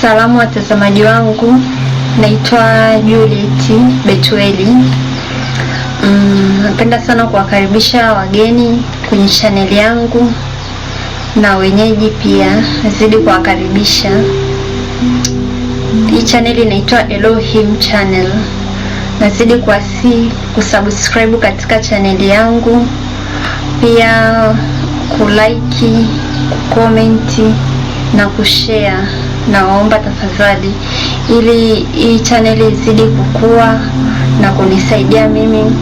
Salamu watazamaji wangu, naitwa Juliet betweli mm, Napenda mm, sana kuwakaribisha wageni kwenye chaneli yangu na wenyeji pia, nazidi kuwakaribisha. Hii chaneli inaitwa Elohim Channel. Nazidi kuwasi kusubscribe katika chaneli yangu pia, kulike, kukomenti na kushare nawaomba tafadhali, ili hii chaneli izidi kukua na kunisaidia mimi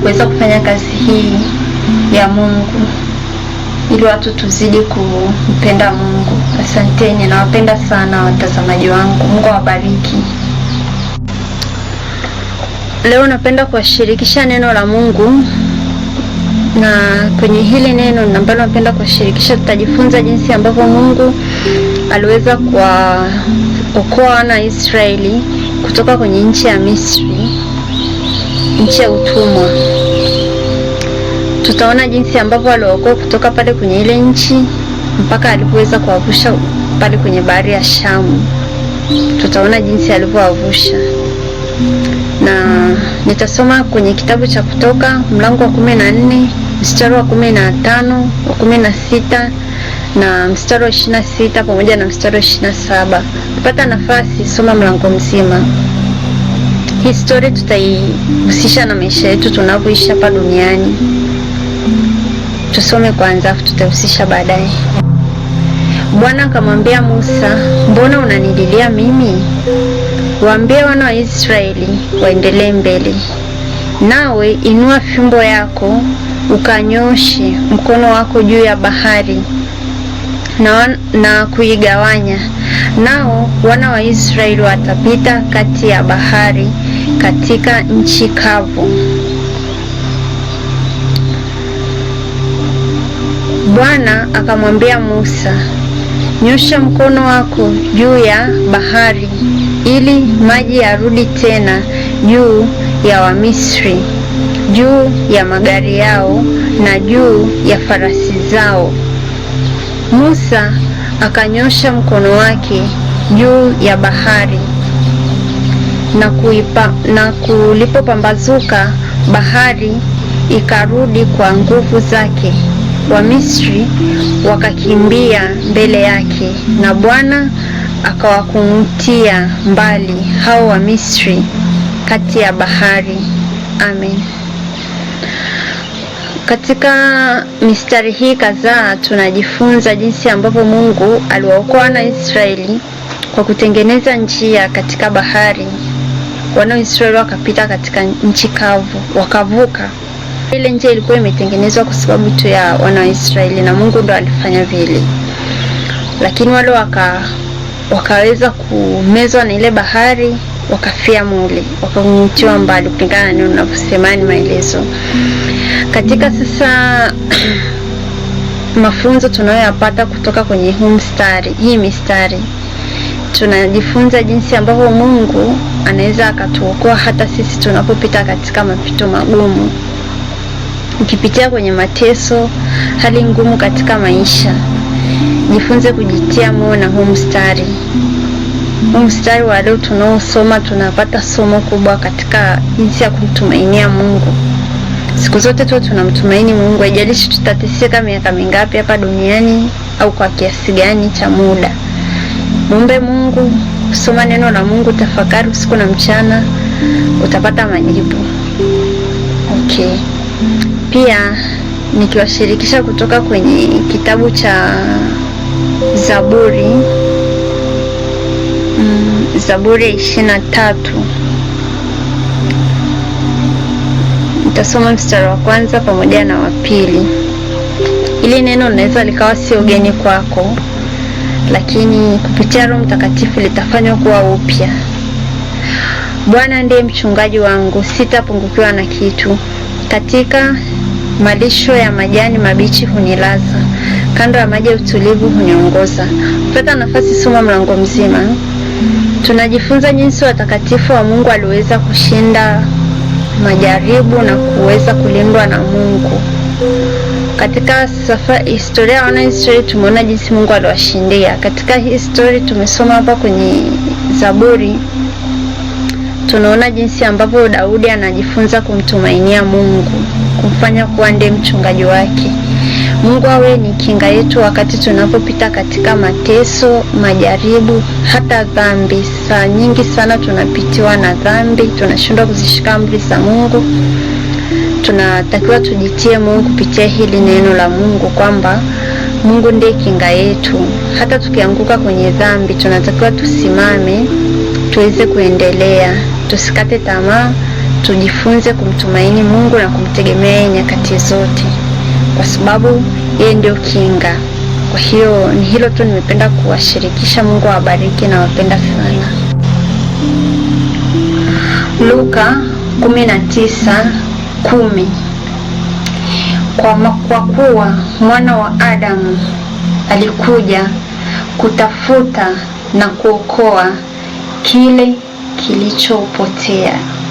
kuweza kufanya kazi hii ya Mungu ili watu tuzidi kumpenda Mungu. Asanteni, nawapenda sana watazamaji wangu. Mungu awabariki. Leo napenda kuwashirikisha neno la Mungu, na kwenye hili neno ambalo napenda kuwashirikisha, tutajifunza jinsi ambavyo Mungu aliweza kuwaokoa wana Israeli kutoka kwenye nchi ya Misri, nchi ya utumwa. Tutaona jinsi ambavyo aliokoa kutoka pale kwenye ile nchi mpaka alipoweza kuwavusha pale kwenye bahari ya Shamu. Tutaona jinsi alivyowavusha na nitasoma kwenye kitabu cha Kutoka mlango wa kumi na nne mstari wa kumi na tano wa kumi na sita na mstari wa ishirini na sita pamoja na mstari wa ishirini na saba Kupata nafasi soma mlango mzima. Historia tutaihusisha na maisha yetu tunavyoishi hapa duniani. Tusome kwanza, afu tutahusisha baadaye. Bwana akamwambia Musa, mbona unanililia mimi? Waambie wana wa Israeli waendelee mbele, nawe inua fimbo yako ukanyoshe mkono wako juu ya bahari na, na kuigawanya, nao wana wa Israeli watapita kati ya bahari katika nchi kavu. Bwana akamwambia Musa, nyosha mkono wako juu ya bahari ili maji yarudi tena juu ya Wamisri juu ya magari yao na juu ya farasi zao. Musa akanyosha mkono wake juu ya bahari na kuipa, na kulipopambazuka bahari ikarudi kwa nguvu zake. Wamisri wakakimbia mbele yake, na Bwana akawakungutia mbali hao Wamisri kati ya bahari. Amen. Katika mistari hii kadhaa tunajifunza jinsi ambavyo Mungu aliwaokoa Israeli kwa kutengeneza njia katika bahari. Israeli wakapita katika nchi kavu, wakavuka. Ile njia ilikuwa imetengenezwa kwa sababu tu ya Israeli na Mungu ndo alifanya vile, lakini wale waka, wakaweza kumezwa na ile bahari wakafia mule, wakang'utiwa mbali, kulingana na neno ni yaani maelezo katika sasa mafunzo tunayoyapata kutoka kwenye huu mstari, hii mistari tunajifunza jinsi ambavyo Mungu anaweza akatuokoa hata sisi tunapopita katika mapito magumu. Ukipitia kwenye mateso, hali ngumu katika maisha, jifunze kujitia moyo na huu mstari mstari wa leo tunaosoma, tunapata somo kubwa katika jinsi ya kumtumainia Mungu. Siku zote tu tunamtumaini Mungu, haijalishi tutateseka miaka mingapi hapa duniani au kwa kiasi gani cha muda. Muombe Mungu, soma neno la Mungu, tafakari usiku na mchana, utapata majibu. Okay. Pia nikiwashirikisha kutoka kwenye kitabu cha Zaburi Mm, Zaburi ishirini na tatu nitasoma mstari wa kwanza pamoja na wa pili. Ili neno linaweza likawa sio geni kwako, lakini kupitia Roho Mtakatifu litafanywa kuwa upya. Bwana ndiye mchungaji wangu, sitapungukiwa na kitu. Katika malisho ya majani mabichi hunilaza, kando ya maji ya utulivu huniongoza. Kupata nafasi soma mlango mzima. Tunajifunza jinsi watakatifu wa Mungu waliweza kushinda majaribu na kuweza kulindwa na Mungu. Katika safari historia ya wanahistoria tumeona jinsi Mungu aliwashindia. Katika hii story tumesoma hapa kwenye Zaburi, tunaona jinsi ambavyo Daudi anajifunza kumtumainia Mungu, kumfanya kuwa ndiye mchungaji wake. Mungu awe ni kinga yetu wakati tunapopita katika mateso, majaribu, hata dhambi. Saa nyingi sana tunapitiwa na dhambi, tunashindwa kuzishika amri za Mungu. Tunatakiwa tujitie Mungu kupitia hili neno la Mungu kwamba Mungu ndiye kinga yetu. Hata tukianguka kwenye dhambi, tunatakiwa tusimame, tuweze kuendelea, tusikate tamaa, tujifunze kumtumaini Mungu na kumtegemea yeye nyakati zote kwa sababu yeye ndio kinga. Kwa hiyo ni hilo tu nimependa kuwashirikisha. Mungu awabariki na wapenda sana. Luka 19:10 kwa, kwa kuwa mwana wa Adamu alikuja kutafuta na kuokoa kile kilichopotea.